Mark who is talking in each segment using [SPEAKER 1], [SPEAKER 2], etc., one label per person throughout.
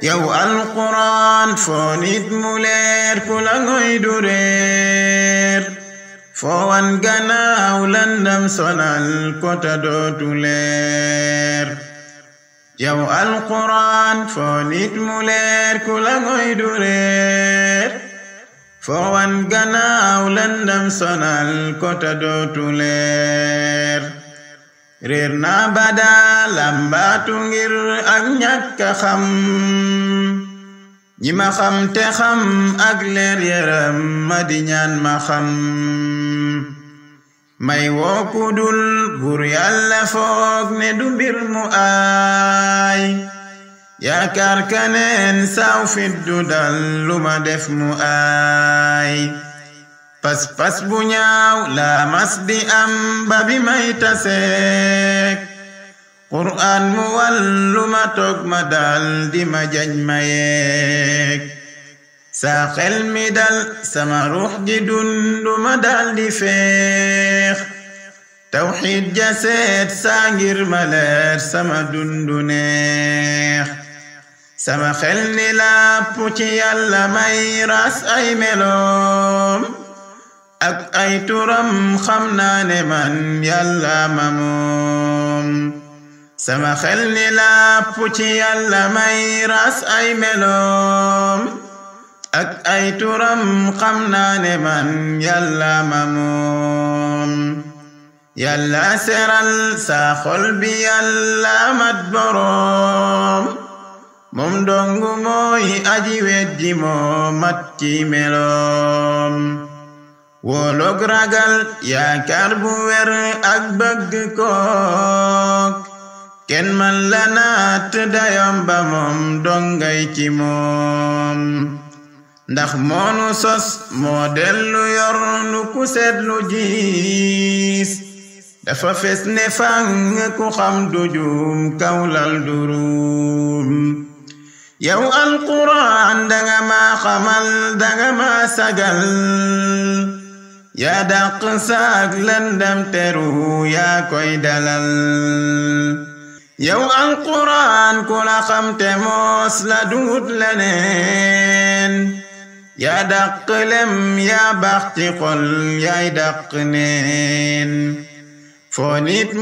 [SPEAKER 1] yow alquran foo nit mu ku la ngoy du reer foo ganaaw landam sonal kota dootu leer yow alquran foo nit mu leer ku la leer réer naa ba daa làmbaatu ngir xam ñi xam te xam ak leer yaram ma ma xam may woo ku dul buur ne du mu aay yaakaar kaneen saaw fit du dal def mu aay fas fas bu ñaaw laa mas di am ba bi may taseek qur'aan mu wallu ma toog ma dal ma jañ yeek saa xel mi dal sama ruux gi dundu ma feex tawxiid ja saa ngir ma leer sama dundu sama xel ni làpp ci yàlla may ay meloom ak ay turam xam naa ne man yàlla ma moom sama xel ni làpp ci yàlla may ras ay meloom ak ay turam xam naa ne man yàlla ma moom yàlla seral saa xol bi yàlla mat boroom moom dongu mooy aji wet ji mat ci meloom wóolog ragal yaakaar bu ak bëgg kook kenn man la naat dayom ba moom dongay ci moom ndax moonu sos moo dellu yor lu jiis dafa fes ne fàng ku xam du juum kawlal duruum yow alquran danga ma xamal danga ma sagal yaa dàq saak lëndëm te yaa koy dalal yow alquraan ku la te moos la duut leneen yaa dàq lem yaa baax ci xol yaay neen foo nit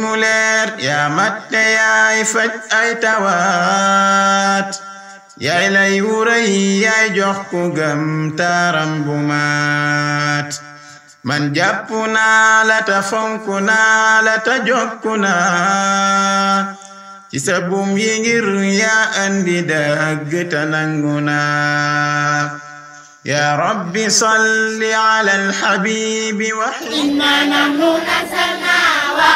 [SPEAKER 1] yaa mat te faj ay tawaat yaay lay wuray yaay jox ku gëm taaram bu man jàpp naa la ta fonk naa la ta jokku naa ci sa bum yi ngir yaa andi dëgg ta nangu naa yaa rabbi salli ala alxabibi wax inna nahnu
[SPEAKER 2] nasalna wa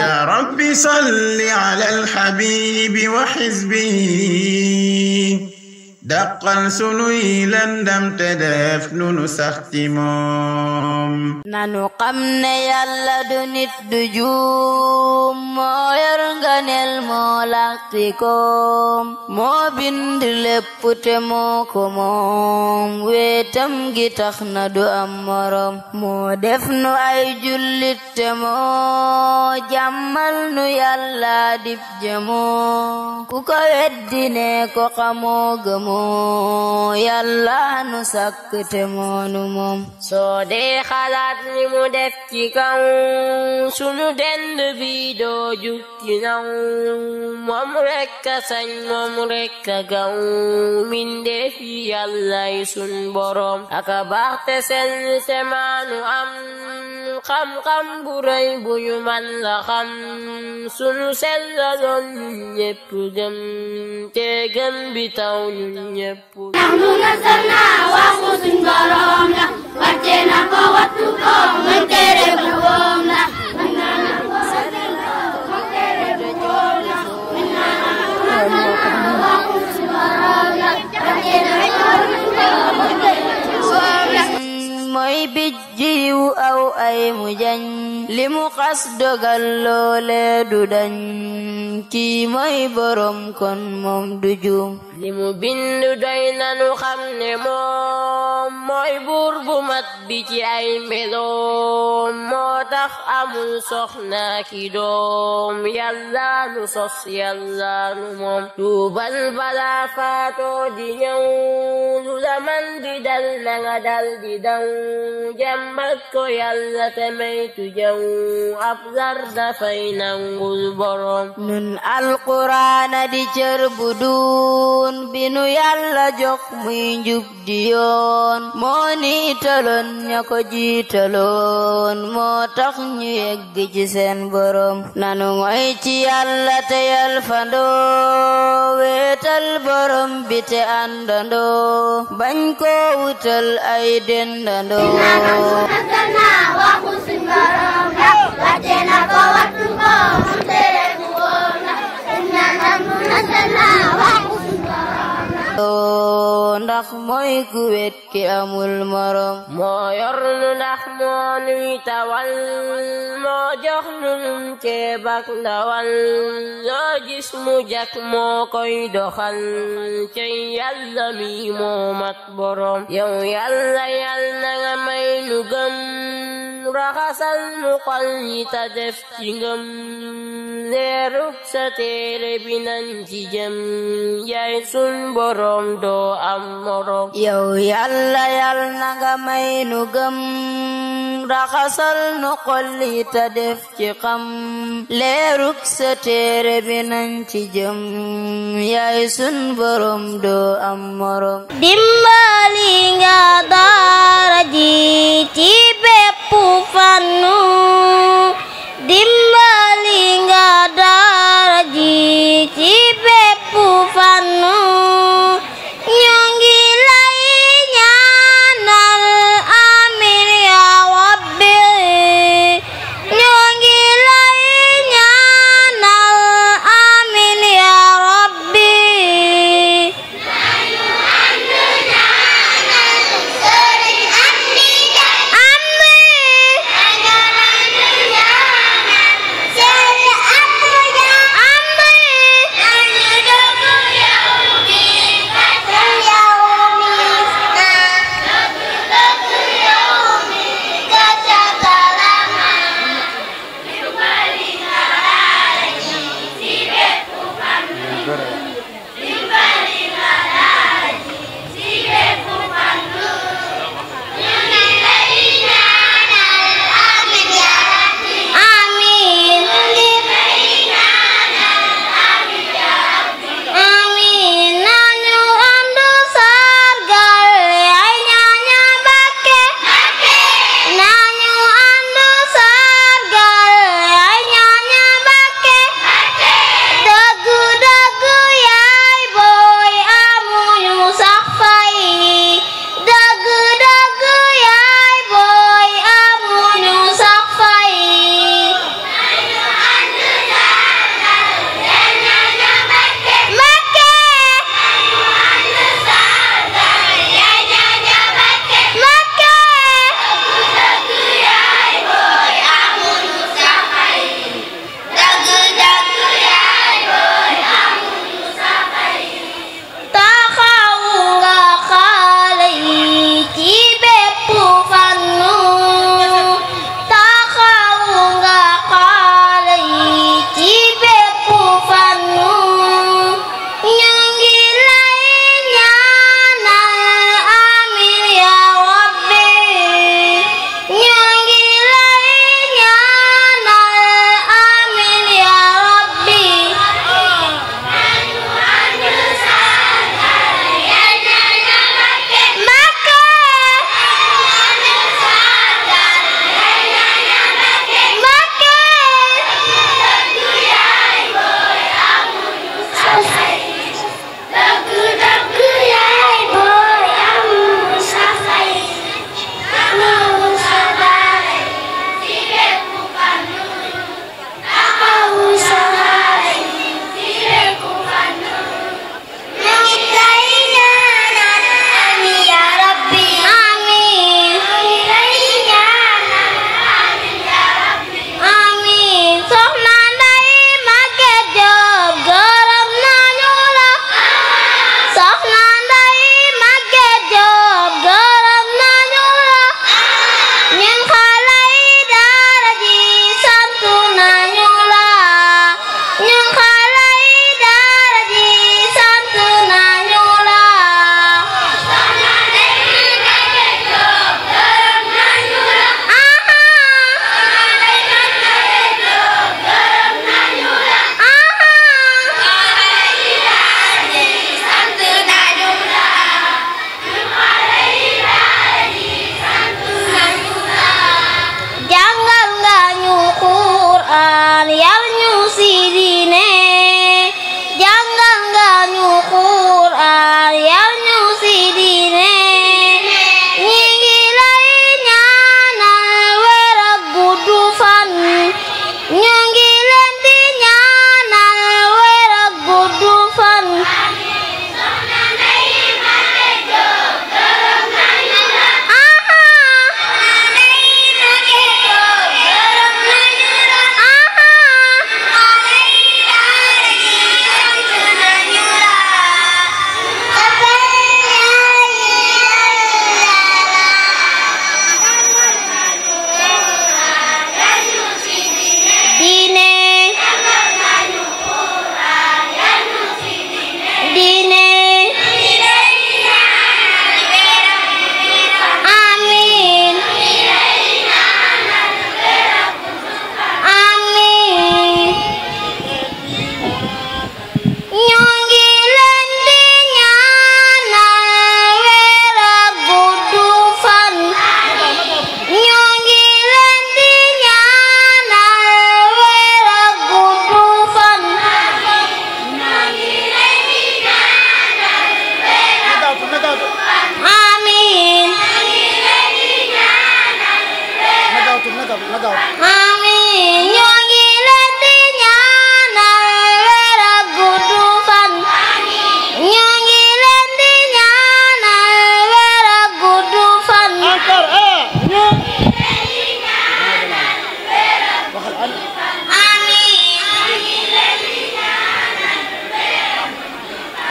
[SPEAKER 1] yaa rabbi salli ala alxabibi wa xizbihi dàqal sunuy lëndam te def nu moom.
[SPEAKER 3] nanu xam ne yàlla du nit du juum moo yor moo làqi koom moo bind lépp te moo ko moom weetam gi na du am morom moo def nu ay jullit te moo jàmmal nu yàlla dib jëmoo ku ko weddi ne ko xamoo gëmoo moo yàlla nu sàkk te moom soo
[SPEAKER 4] dee xalaat li mu def ci kaw sunu dend bi doo jukki naw moom rekk a sañ moom rekk a gaw mindeef yi yàllay sun boroom aka baax te sell te maanu am xam-xam bu bu ñu la xam sunu sellaloon ñun ñëpp gëm te gëm bi taw ñun ñëpp ndax nu
[SPEAKER 2] nasal waxu suñ boroom la ko wattu ko muy tere bu
[SPEAKER 3] waaye mu jañ li mu xas dogal loole du dañ kii mooy borom kon moom du juum li mu bind doy nanu xam
[SPEAKER 4] ne moom mooy buur bu mat bi ci ay meloom moo tax amul soxna ki doom yàlla nu sos yàlla nu moom tuubal balaa faatoo di ñëw lu la man di dal na nga dal di daw jàmbat ko yàlla te maytu jaw
[SPEAKER 3] ab zar dafay nangul borom nun alquraan di cër bu bi nu yàlla jox muy njub di yoon moo niitaloon ña ko jiitaloon moo tax ñu yegg ci seen borom nanu ngoy ci yàlla te fandoo weetal borom bi te àndandoo bañ koo wutal ay dendandoo
[SPEAKER 2] na ko wattu ko
[SPEAKER 3] ndax mooy ku wet ki amul morom moo yor nu ndax moo i tawal moo
[SPEAKER 4] jox nu num ceebak ndawal loo gis mu jak moo koy doxal cey yàlla mi moo mat borom yow yàlla yàlla nga may nu gëm raxasal nu xol yi ta def ci ngëm bi nañ ci jëm yaay sun boroom doo yow yàlla yàlla na
[SPEAKER 3] nga may nu gëm raxasal ta def ci xam leeru sa téere bi nañ ci jëm yaay sun boroom doo am morom dimbali nga